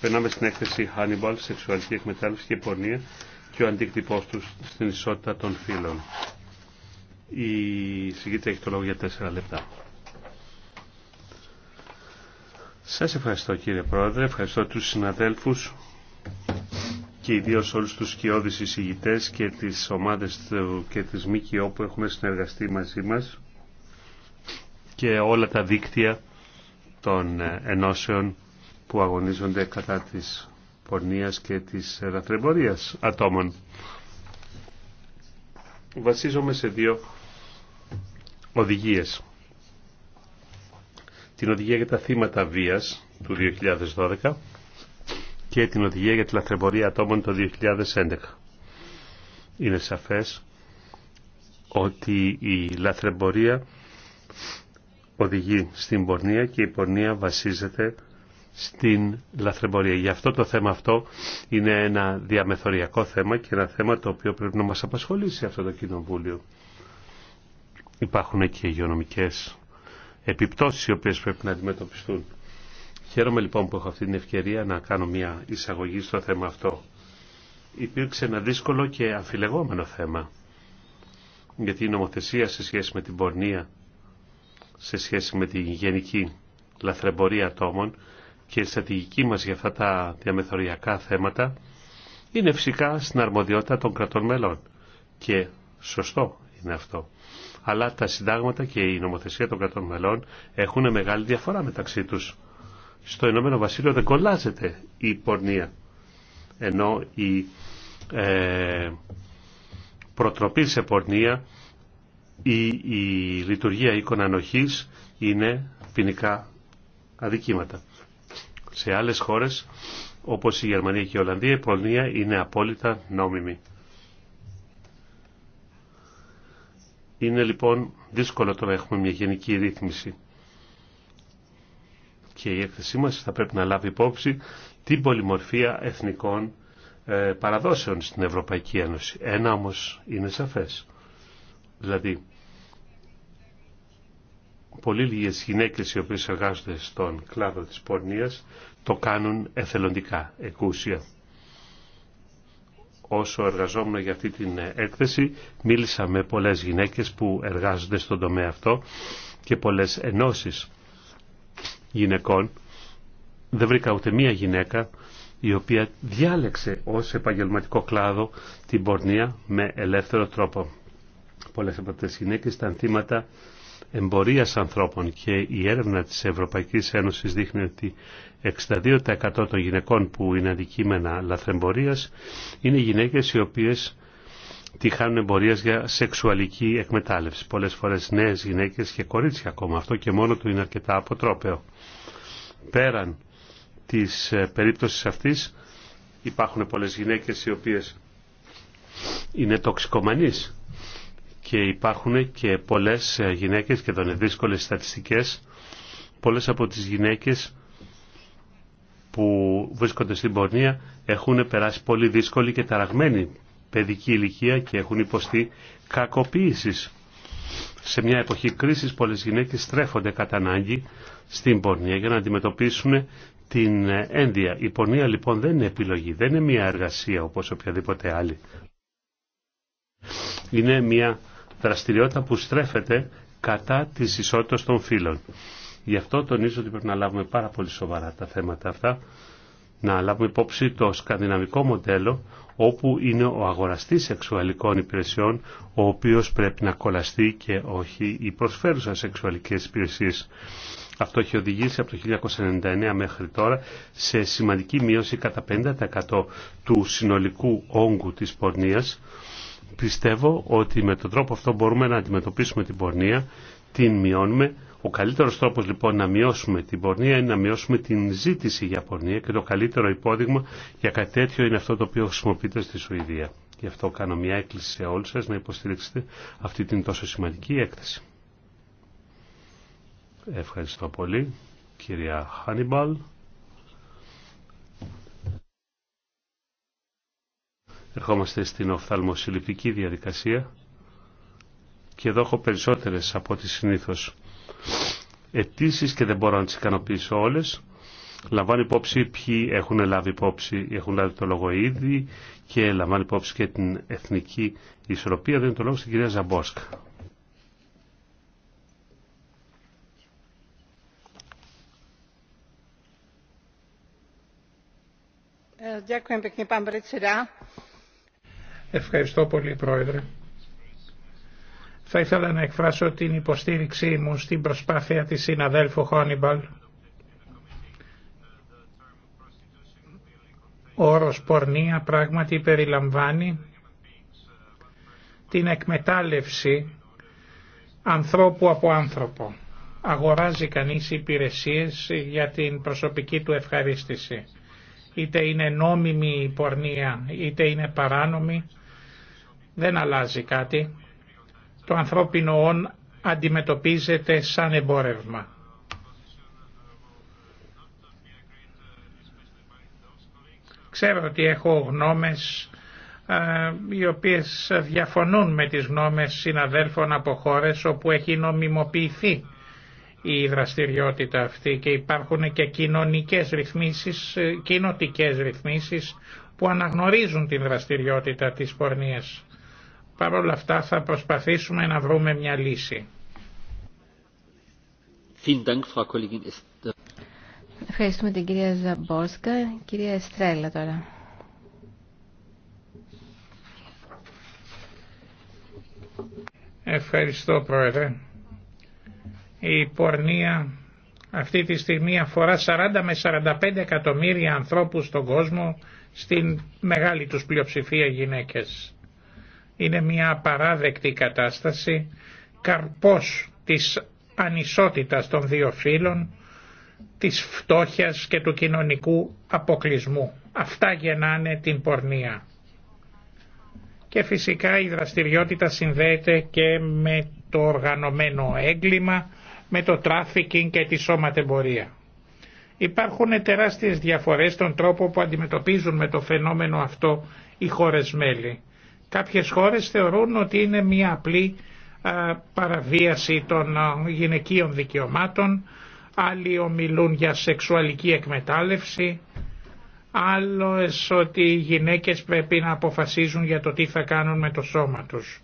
Περνάμε στην έκθεση Hannibal, σεξουαλική εκμετάλλευση και πορνεία και ο αντίκτυπός του στην ισότητα των φίλων. Η συγκίτρια έχει το λόγο για τέσσερα λεπτά. Σας ευχαριστώ κύριε Πρόεδρε, ευχαριστώ τους συναδέλφους και ιδίω όλους τους σκιώδεις εισηγητές και τις ομάδες και τις ΜΚΟ που έχουμε συνεργαστεί μαζί μας και όλα τα δίκτυα των ε, ενώσεων που αγωνίζονται κατά της πορνείας και της ελαθρεμπορίας ατόμων. Βασίζομαι σε δύο οδηγίες. Την οδηγία για τα θύματα βίας του 2012 και την οδηγία για τη λαθρεμπορία ατόμων το 2011. Είναι σαφές ότι η λαθρεμπορία οδηγεί στην πορνεία και η πορνεία βασίζεται στην λαθρεμπορία. Γι' αυτό το θέμα αυτό είναι ένα διαμεθοριακό θέμα και ένα θέμα το οποίο πρέπει να μας απασχολήσει αυτό το Κοινοβούλιο. Υπάρχουν και υγειονομικές επιπτώσεις οι οποίες πρέπει να αντιμετωπιστούν. Χαίρομαι λοιπόν που έχω αυτή την ευκαιρία να κάνω μια εισαγωγή στο θέμα αυτό. Υπήρξε ένα δύσκολο και αφιλεγόμενο θέμα. Γιατί η νομοθεσία σε σχέση με την πορνεία, σε σχέση με την γενική λαθρεμπορία ατόμων, και η στρατηγική μας για αυτά τα διαμεθοριακά θέματα είναι φυσικά στην αρμοδιότητα των κρατών μελών. Και σωστό είναι αυτό. Αλλά τα συντάγματα και η νομοθεσία των κρατών μελών έχουν μεγάλη διαφορά μεταξύ τους. Στο Ηνωμένο Βασίλειο δεν κολλάζεται η πορνεία. Ενώ η ε, προτροπή σε πορνεία ή η λειτουργία οίκων ανοχής είναι ποινικά αδικήματα σε άλλες χώρες όπως η Γερμανία και η Ολλανδία η πορνεία είναι απόλυτα νόμιμη. Είναι λοιπόν δύσκολο το να έχουμε μια γενική ρύθμιση και η έκθεσή μας θα πρέπει να λάβει υπόψη την πολυμορφία εθνικών ε, παραδόσεων στην Ευρωπαϊκή Ένωση. Ένα όμως είναι σαφές. Δηλαδή πολύ λίγες γυναίκες οι οποίες εργάζονται στον κλάδο της πορνείας το κάνουν εθελοντικά, εκούσια. Όσο εργαζόμουν για αυτή την έκθεση, μίλησα με πολλές γυναίκες που εργάζονται στον τομέα αυτό και πολλές ενώσεις γυναικών. Δεν βρήκα ούτε μία γυναίκα η οποία διάλεξε ως επαγγελματικό κλάδο την πορνεία με ελεύθερο τρόπο. Πολλές από αυτές τις γυναίκες ήταν θύματα εμπορίας ανθρώπων και η έρευνα της Ευρωπαϊκής Ένωσης δείχνει ότι 62% των γυναικών που είναι αντικείμενα λαθρεμπορίας είναι γυναίκες οι οποίες τη χάνουν εμπορίας για σεξουαλική εκμετάλλευση. Πολλές φορές νέες γυναίκες και κορίτσια ακόμα. Αυτό και μόνο του είναι αρκετά αποτρόπαιο. Πέραν της ε, περίπτωσης αυτής υπάρχουν πολλές γυναίκες οι οποίες είναι τοξικομανείς και υπάρχουν και πολλές ε, γυναίκες και εδώ είναι δύσκολες στατιστικές πολλές από τις γυναίκες που βρίσκονται στην πορνεία έχουν περάσει πολύ δύσκολη και ταραγμένη παιδική ηλικία και έχουν υποστεί κακοποίησης. Σε μια εποχή κρίσης πολλές γυναίκες στρέφονται κατά ανάγκη στην πορνεία για να αντιμετωπίσουν την ε, ένδια. Η πορνεία λοιπόν δεν είναι επιλογή, δεν είναι μια εργασία όπως οποιαδήποτε άλλη. Είναι μια δραστηριότητα που στρέφεται κατά της ισότητας των φύλων. Γι' αυτό τονίζω ότι πρέπει να λάβουμε πάρα πολύ σοβαρά τα θέματα αυτά, να λάβουμε υπόψη το σκανδιναμικό μοντέλο όπου είναι ο αγοραστής σεξουαλικών υπηρεσιών ο οποίος πρέπει να κολλαστεί και όχι η προσφέρουσα σεξουαλικές υπηρεσίες. Αυτό έχει οδηγήσει από το 1999 μέχρι τώρα σε σημαντική μείωση κατά 50% του συνολικού όγκου της πορνείας πιστεύω ότι με τον τρόπο αυτό μπορούμε να αντιμετωπίσουμε την πορνεία, την μειώνουμε. Ο καλύτερος τρόπος λοιπόν να μειώσουμε την πορνεία είναι να μειώσουμε την ζήτηση για πορνεία και το καλύτερο υπόδειγμα για κάτι τέτοιο είναι αυτό το οποίο χρησιμοποιείται στη Σουηδία. Γι' αυτό κάνω μια έκκληση σε όλους σας να υποστηρίξετε αυτή την τόσο σημαντική έκθεση. Ευχαριστώ πολύ. Κυρία Χάνιμπαλ. Ερχόμαστε στην οφθαλμοσυλληπτική διαδικασία και εδώ έχω περισσότερες από ό,τι συνήθως αιτήσει και δεν μπορώ να τις ικανοποιήσω όλες. Λαμβάνει υπόψη ποιοι έχουν λάβει υπόψη, έχουν λάβει το λόγο ήδη και λαμβάνει υπόψη και την εθνική ισορροπία. Δεν είναι το λόγο στην κυρία Ζαμπόσκα. Ευχαριστώ Ευχαριστώ πολύ Πρόεδρε. Θα ήθελα να εκφράσω την υποστήριξή μου στην προσπάθεια της συναδέλφου Χόνιμπαλ Ο όρος πορνεία πράγματι περιλαμβάνει την εκμετάλλευση ανθρώπου από άνθρωπο. Αγοράζει κανείς υπηρεσίες για την προσωπική του ευχαρίστηση είτε είναι νόμιμη η πορνεία, είτε είναι παράνομη, δεν αλλάζει κάτι. Το ανθρώπινο όν αντιμετωπίζεται σαν εμπόρευμα. Ξέρω ότι έχω γνώμες ε, οι οποίες διαφωνούν με τις γνώμες συναδέλφων από χώρες όπου έχει νομιμοποιηθεί η δραστηριότητα αυτή και υπάρχουν και κοινωνικές ρυθμίσεις, ε, κοινοτικές ρυθμίσεις που αναγνωρίζουν την δραστηριότητα της πορνείας. Παρ' όλα αυτά θα προσπαθήσουμε να βρούμε μια λύση. Ευχαριστούμε την κυρία Ζαμπόσκα. Κυρία Εστρέλα τώρα. Ευχαριστώ Πρόεδρε. Η πορνεία αυτή τη στιγμή αφορά 40 με 45 εκατομμύρια ανθρώπους στον κόσμο, στην μεγάλη τους πλειοψηφία γυναίκες. Είναι μια απαράδεκτη κατάσταση, καρπός της ανισότητας των δύο φύλων, της φτώχειας και του κοινωνικού αποκλεισμού. Αυτά γεννάνε την πορνεία. Και φυσικά η δραστηριότητα συνδέεται και με το οργανωμένο έγκλημα, με το τράφικινγκ και τη σώματεμπορία. Υπάρχουν τεράστιες διαφορές στον τρόπο που αντιμετωπίζουν με το φαινόμενο αυτό οι χώρες μέλη. Κάποιες χώρες θεωρούν ότι είναι μια απλή παραβίαση των γυναικείων δικαιωμάτων, άλλοι ομιλούν για σεξουαλική εκμετάλλευση, άλλες ότι οι γυναίκες πρέπει να αποφασίζουν για το τι θα κάνουν με το σώμα τους.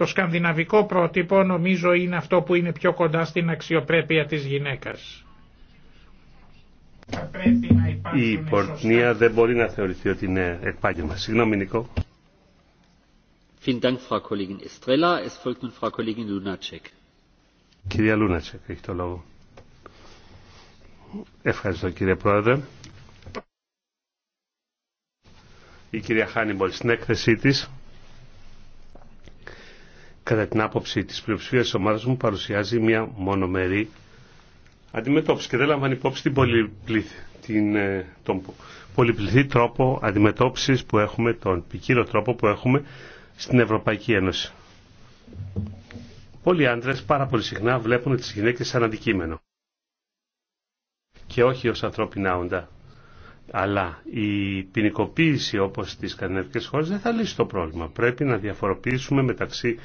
Το σκανδιναβικό πρότυπο νομίζω είναι αυτό που είναι πιο κοντά στην αξιοπρέπεια της γυναίκας. Η πορνεία δεν μπορεί να θεωρηθεί ότι είναι επάγγελμα. Συγγνώμη Νικό. Κυρία Λούνατσεκ, έχει το λόγο. Ευχαριστώ κύριε Πρόεδρε. Η κυρία Χάνιμπολ στην έκθεσή της κατά την άποψη της πλειοψηφίας της ομάδας μου παρουσιάζει μια μονομερή αντιμετώπιση και δεν λαμβάνει υπόψη την πολυπλήθη, την, ε, τον πολυπληθή τρόπο αντιμετώπισης που έχουμε, τον ποικίλο τρόπο που έχουμε στην Ευρωπαϊκή Ένωση. Πολλοί άντρε πάρα πολύ συχνά βλέπουν τις γυναίκες σαν αντικείμενο και όχι ως ανθρώπινα όντα. Αλλά η ποινικοποίηση όπως στις κανένας χώρες δεν θα λύσει το πρόβλημα. Πρέπει να διαφοροποιήσουμε μεταξύ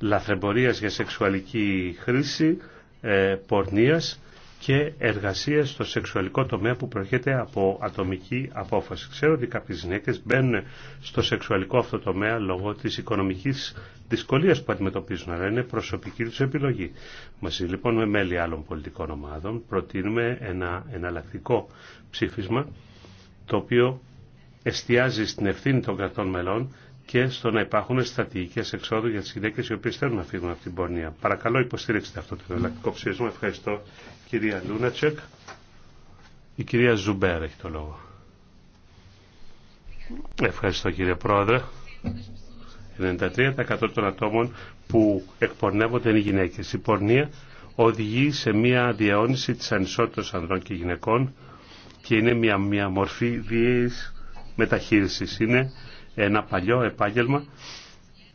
λαθρεμπορίας για σεξουαλική χρήση, ε, πορνείας και εργασία στο σεξουαλικό τομέα που προέρχεται από ατομική απόφαση. Ξέρω ότι κάποιες γυναίκες μπαίνουν στο σεξουαλικό αυτό τομέα λόγω της οικονομικής δυσκολίας που αντιμετωπίζουν, αλλά είναι προσωπική τους επιλογή. Μαζί λοιπόν με μέλη άλλων πολιτικών ομάδων προτείνουμε ένα εναλλακτικό ψήφισμα το οποίο εστιάζει στην ευθύνη των κρατών μελών και στο να υπάρχουν στρατηγικέ εξόδου για τι γυναίκε οι οποίε θέλουν να φύγουν από την πορνεία. Παρακαλώ υποστηρίξτε αυτό το εναλλακτικό ψήφισμα. Ευχαριστώ κυρία Λούνατσεκ. Η κυρία Ζουμπέρ έχει το λόγο. Ευχαριστώ κύριε Πρόεδρε. 93% των ατόμων που εκπορνεύονται είναι οι Η πορνεία οδηγεί σε μια διαιώνιση τη ανισότητα ανδρών και γυναικών και είναι μια, μορφή βίαιη μεταχείριση. Είναι ένα παλιό επάγγελμα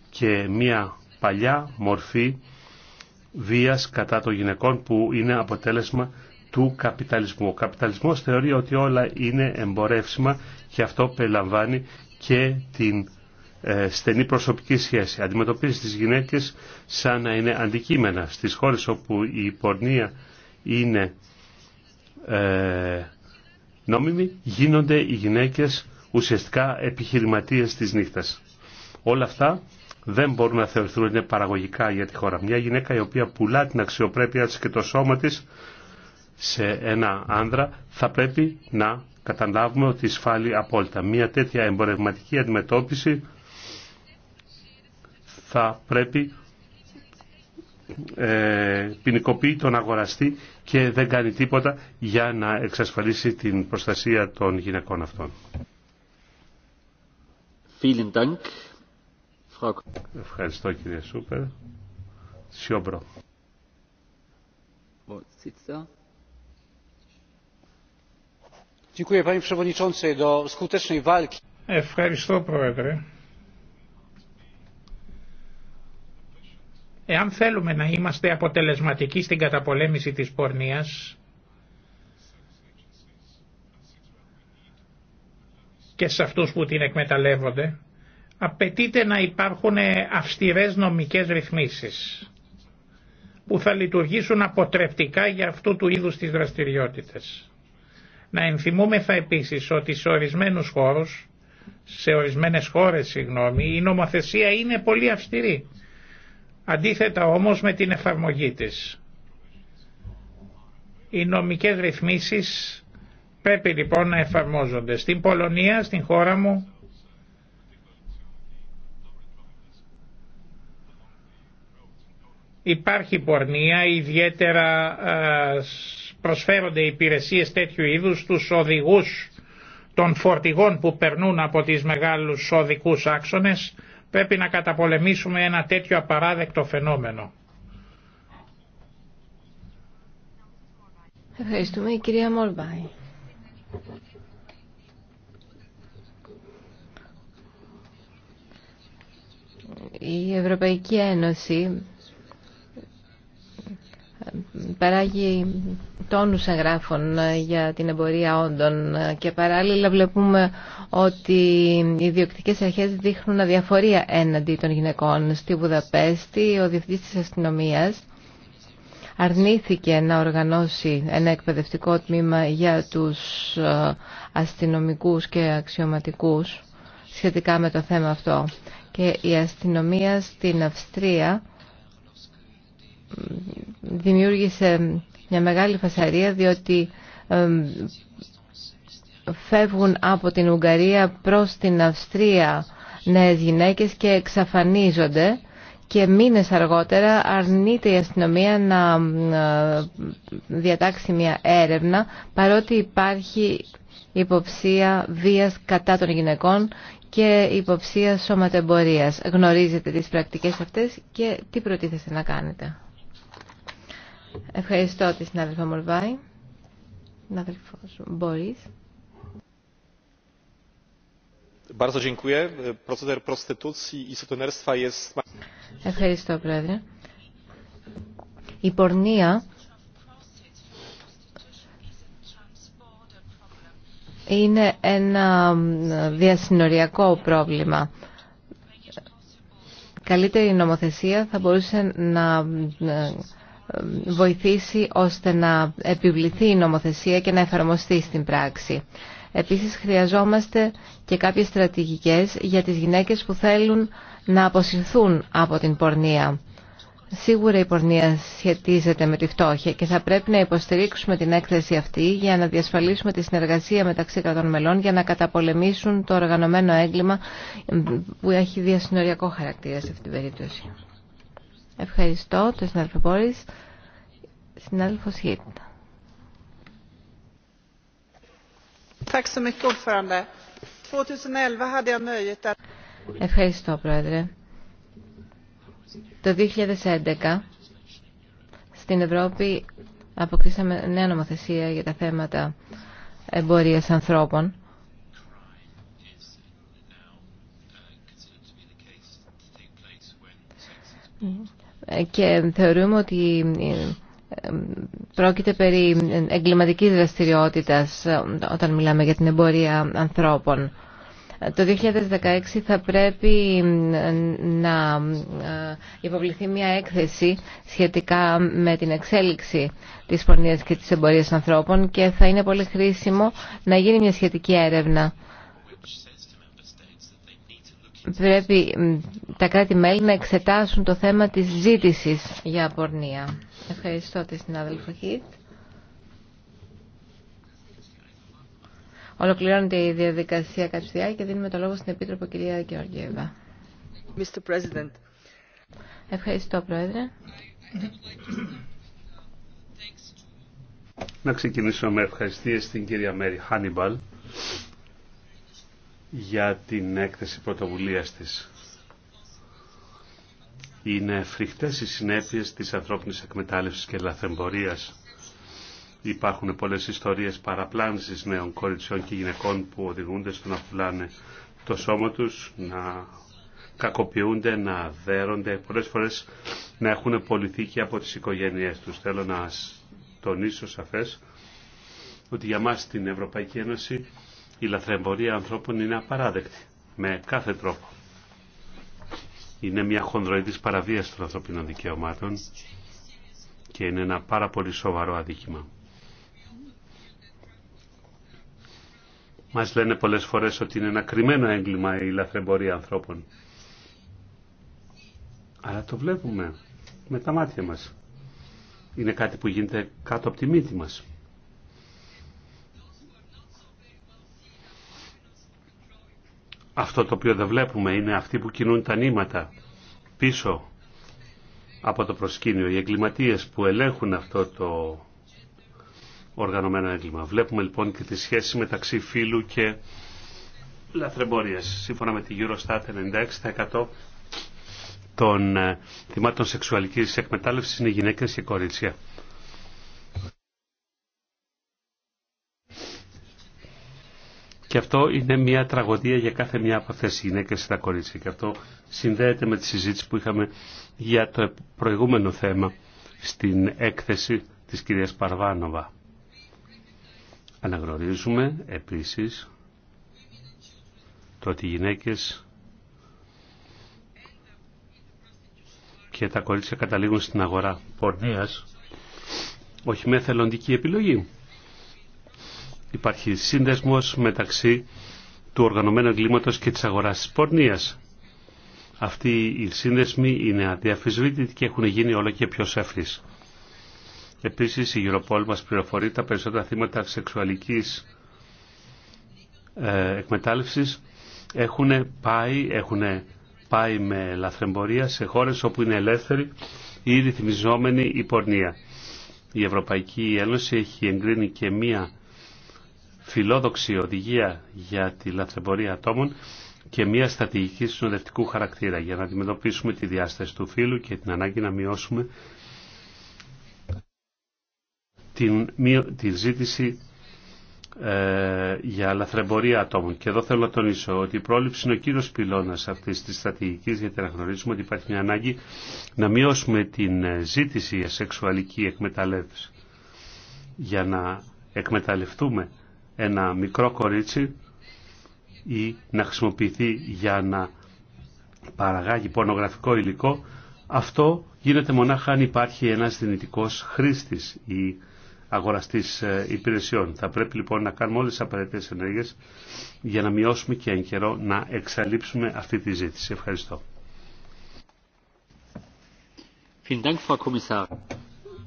και μια παλιά μορφή βίας κατά των γυναικών που είναι αποτέλεσμα του καπιταλισμού. Ο καπιταλισμός θεωρεί ότι όλα είναι εμπορεύσιμα και αυτό περιλαμβάνει και την ε, στενή προσωπική σχέση. Αντιμετωπίζει τις γυναίκες σαν να είναι αντικείμενα. Στις χώρες όπου η πορνεία είναι ε, νόμιμη, γίνονται οι γυναίκες ουσιαστικά επιχειρηματίες της νύχτας. Όλα αυτά δεν μπορούν να θεωρηθούν παραγωγικά για τη χώρα. Μια γυναίκα η οποία πουλά την αξιοπρέπειά της και το σώμα της σε ένα άνδρα θα πρέπει να καταλάβουμε ότι εισφάλει απόλυτα. Μια τέτοια εμπορευματική αντιμετώπιση θα πρέπει ε, ποινικοποιεί τον αγοραστή και δεν κάνει τίποτα για να εξασφαλίσει την προστασία των γυναικών αυτών. Ευχαριστώ κύριε Σούπερ. Σιόμπρο. Ευχαριστώ πρόεδρε. Εάν θέλουμε να είμαστε αποτελεσματικοί στην καταπολέμηση της πορνείας, και σε αυτούς που την εκμεταλλεύονται, απαιτείται να υπάρχουν αυστηρές νομικές ρυθμίσεις που θα λειτουργήσουν αποτρεπτικά για αυτού του είδους τις δραστηριότητες. Να ενθυμούμεθα επίσης ότι σε ορισμένους χώρους, σε ορισμένες χώρες συγγνώμη, η νομοθεσία είναι πολύ αυστηρή. Αντίθετα όμως με την εφαρμογή της. Οι νομικές ρυθμίσεις Πρέπει λοιπόν να εφαρμόζονται. Στην Πολωνία, στην χώρα μου, υπάρχει πορνεία, ιδιαίτερα προσφέρονται υπηρεσίες τέτοιου είδους στους οδηγούς των φορτηγών που περνούν από τις μεγάλους οδικούς άξονες. Πρέπει να καταπολεμήσουμε ένα τέτοιο απαράδεκτο φαινόμενο. Ευχαριστούμε η κυρία Μολμπάη. Η Ευρωπαϊκή Ένωση παράγει τόνους εγγράφων για την εμπορία όντων και παράλληλα βλέπουμε ότι οι διοκτικές αρχές δείχνουν αδιαφορία έναντι των γυναικών. Στη Βουδαπέστη ο Διευθυντής της Αστυνομίας αρνήθηκε να οργανώσει ένα εκπαιδευτικό τμήμα για τους ε, αστυνομικούς και αξιωματικούς σχετικά με το θέμα αυτό. Και η αστυνομία στην Αυστρία δημιούργησε μια μεγάλη φασαρία διότι ε, φεύγουν από την Ουγγαρία προς την Αυστρία νέες γυναίκες και εξαφανίζονται και μήνες αργότερα αρνείται η αστυνομία να ε, διατάξει μια έρευνα παρότι υπάρχει υποψία βίας κατά των γυναικών και υποψία σωματεμπορίας. Γνωρίζετε τις πρακτικές αυτές και τι προτίθεστε να κάνετε. Ευχαριστώ τη συνάδελφα Μολβάη. Συνάδελφος Μπορείς. Bardzo dziękuję. Proceder prostytucji i sutenerstwa Ευχαριστώ, Πρόεδρε. Η πορνεία είναι ένα διασυνοριακό πρόβλημα. Καλύτερη νομοθεσία θα μπορούσε να ε, βοηθήσει ώστε να επιβληθεί η νομοθεσία και να εφαρμοστεί στην πράξη. Επίσης χρειαζόμαστε και κάποιες στρατηγικές για τις γυναίκες που θέλουν να αποσυρθούν από την πορνεία. Σίγουρα η πορνεία σχετίζεται με τη φτώχεια και θα πρέπει να υποστηρίξουμε την έκθεση αυτή για να διασφαλίσουμε τη συνεργασία μεταξύ κρατών μελών για να καταπολεμήσουν το οργανωμένο έγκλημα που έχει διασυνοριακό χαρακτήρα σε αυτή την περίπτωση. Ευχαριστώ τον συνάδελφο Ευχαριστώ, Πρόεδρε. Το 2011 στην Ευρώπη αποκτήσαμε νέα νομοθεσία για τα θέματα εμπορίας ανθρώπων. Και θεωρούμε ότι Πρόκειται περί εγκληματικής δραστηριότητας ε, όταν μιλάμε για την εμπορία ανθρώπων. Ε, το 2016 θα πρέπει να ε, υποβληθεί μια έκθεση σχετικά με την εξέλιξη της πορνείας και της εμπορίας ανθρώπων και θα είναι πολύ χρήσιμο να γίνει μια σχετική έρευνα πρέπει τα κράτη-μέλη να εξετάσουν το θέμα της ζήτησης για απορνία. Ευχαριστώ τη συνάδελφο Χίτ. Ολοκληρώνεται η διαδικασία κατ' και δίνουμε το λόγο στην Επίτροπο κυρία Γεωργίευα. Ευχαριστώ, Πρόεδρε. Να ξεκινήσω με ευχαριστίες στην κυρία Μέρι Χάνιμπαλ για την έκθεση πρωτοβουλίας της. Είναι φρικτές οι συνέπειες της ανθρώπινης εκμετάλλευσης και λαθεμπορίας. Υπάρχουν πολλές ιστορίες παραπλάνησης νέων κοριτσιών και γυναικών που οδηγούνται στο να πουλάνε το σώμα τους, να κακοποιούνται, να δέρονται, πολλές φορές να έχουν πολιθήκη από τις οικογένειές τους. Θέλω να τονίσω σαφές ότι για μας στην Ευρωπαϊκή Ένωση η λαθρεμπορία ανθρώπων είναι απαράδεκτη με κάθε τρόπο. Είναι μια χονδροειδής παραβίαση των ανθρωπίνων δικαιωμάτων και είναι ένα πάρα πολύ σοβαρό αδίκημα. Μας λένε πολλές φορές ότι είναι ένα κρυμμένο έγκλημα η λαθρεμπορία ανθρώπων. Αλλά το βλέπουμε με τα μάτια μας. Είναι κάτι που γίνεται κάτω από τη μύτη μας. Αυτό το οποίο δεν βλέπουμε είναι αυτοί που κινούν τα νήματα πίσω από το προσκήνιο, οι εγκληματίες που ελέγχουν αυτό το οργανωμένο έγκλημα. Βλέπουμε λοιπόν και τη σχέση μεταξύ φύλου και λαθρεμπορίας. Σύμφωνα με τη Eurostat, 96% των ε, θυμάτων σεξουαλικής εκμετάλλευσης είναι γυναίκες και κορίτσια. Και αυτό είναι μια τραγωδία για κάθε μια από αυτέ τι γυναίκε και τα κορίτσια. Και αυτό συνδέεται με τη συζήτηση που είχαμε για το προηγούμενο θέμα στην έκθεση της κυρίας Παρβάνοβα. Αναγνωρίζουμε επίσης το ότι οι γυναίκες και τα κορίτσια καταλήγουν στην αγορά πορνείας όχι με θελοντική επιλογή υπάρχει σύνδεσμος μεταξύ του οργανωμένου εγκλήματος και της αγοράς της πορνείας. Αυτοί οι σύνδεσμοι είναι αδιαφυσβήτητοι και έχουν γίνει όλο και πιο σαφείς. Επίσης η Europol μας πληροφορεί τα περισσότερα θύματα σεξουαλικής ε, εκμετάλλευσης έχουν πάει, έχουν πάει με λαθρεμπορία σε χώρες όπου είναι ελεύθερη ή ρυθμιζόμενη η πορνεία. Η Ευρωπαϊκή Ένωση έχει εγκρίνει και μία φιλόδοξη οδηγία για τη λαθρεμπορία ατόμων και μια στατηγική συνοδευτικού χαρακτήρα για να αντιμετωπίσουμε τη διάσταση του φύλου και την ανάγκη να μειώσουμε την, τη ζήτηση ε, για λαθρεμπορία ατόμων. Και εδώ θέλω να τονίσω ότι η πρόληψη είναι ο κύριος πυλώνας αυτής της στρατηγικής γιατί να γνωρίζουμε ότι υπάρχει μια ανάγκη να μειώσουμε την ε, ζήτηση για σεξουαλική εκμεταλλεύση για να εκμεταλλευτούμε ένα μικρό κορίτσι ή να χρησιμοποιηθεί για να παραγάγει πορνογραφικό υλικό, αυτό γίνεται μονάχα αν υπάρχει ένας δυνητικός χρήστης ή αγοραστής ε, υπηρεσιών. Θα πρέπει λοιπόν να κάνουμε όλες τις απαραίτητες ενέργειες για να μειώσουμε και εν καιρό να εξαλείψουμε αυτή τη ζήτηση. Ευχαριστώ.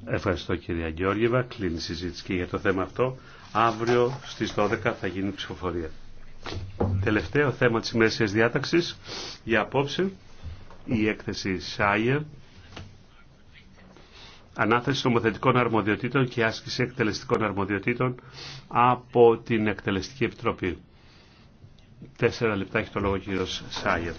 Ευχαριστώ κυρία Γεώργιεβα. Κλείνει η συζήτηση και για το θέμα αυτό. Αύριο στις 12 θα γίνει ψηφοφορία. Τελευταίο θέμα της μέσης διάταξης για απόψε η έκθεση ΣΑΙΕ ανάθεση νομοθετικών αρμοδιοτήτων και άσκηση εκτελεστικών αρμοδιοτήτων από την Εκτελεστική Επιτροπή. Τέσσερα λεπτά έχει το λόγο ο κύριος ΣΑΙΕΡ.